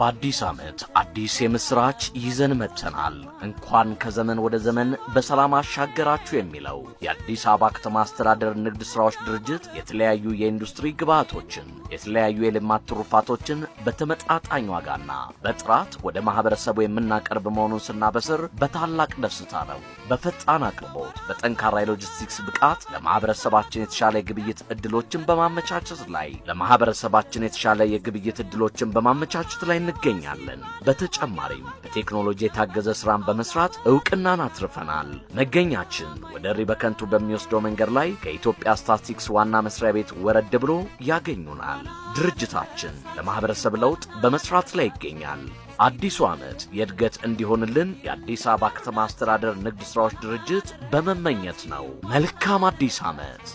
በአዲስ ዓመት አዲስ የምስራች ይዘን መጥተናል። እንኳን ከዘመን ወደ ዘመን በሰላም አሻገራችሁ የሚለው የአዲስ አበባ ከተማ አስተዳደር ንግድ ሥራዎች ድርጅት የተለያዩ የኢንዱስትሪ ግብዓቶችን፣ የተለያዩ የልማት ትሩፋቶችን በተመጣጣኝ ዋጋና በጥራት ወደ ማኅበረሰቡ የምናቀርብ መሆኑን ስናበስር በታላቅ ደስታ ነው። በፈጣን አቅርቦት፣ በጠንካራ የሎጂስቲክስ ብቃት ለማኅበረሰባችን የተሻለ የግብይት ዕድሎችን በማመቻቸት ላይ ለማኅበረሰባችን የተሻለ የግብይት ዕድሎችን በማመቻቸት ላይ እንገኛለን። በተጨማሪም በቴክኖሎጂ የታገዘ ስራን በመስራት እውቅናን አትርፈናል። መገኛችን ወደ በከንቱ በሚወስደው መንገድ ላይ ከኢትዮጵያ ስታትስቲክስ ዋና መስሪያ ቤት ወረድ ብሎ ያገኙናል። ድርጅታችን ለማህበረሰብ ለውጥ በመስራት ላይ ይገኛል። አዲሱ ዓመት የእድገት እንዲሆንልን የአዲስ አበባ ከተማ አስተዳደር ንግድ ሥራዎች ድርጅት በመመኘት ነው። መልካም አዲስ ዓመት!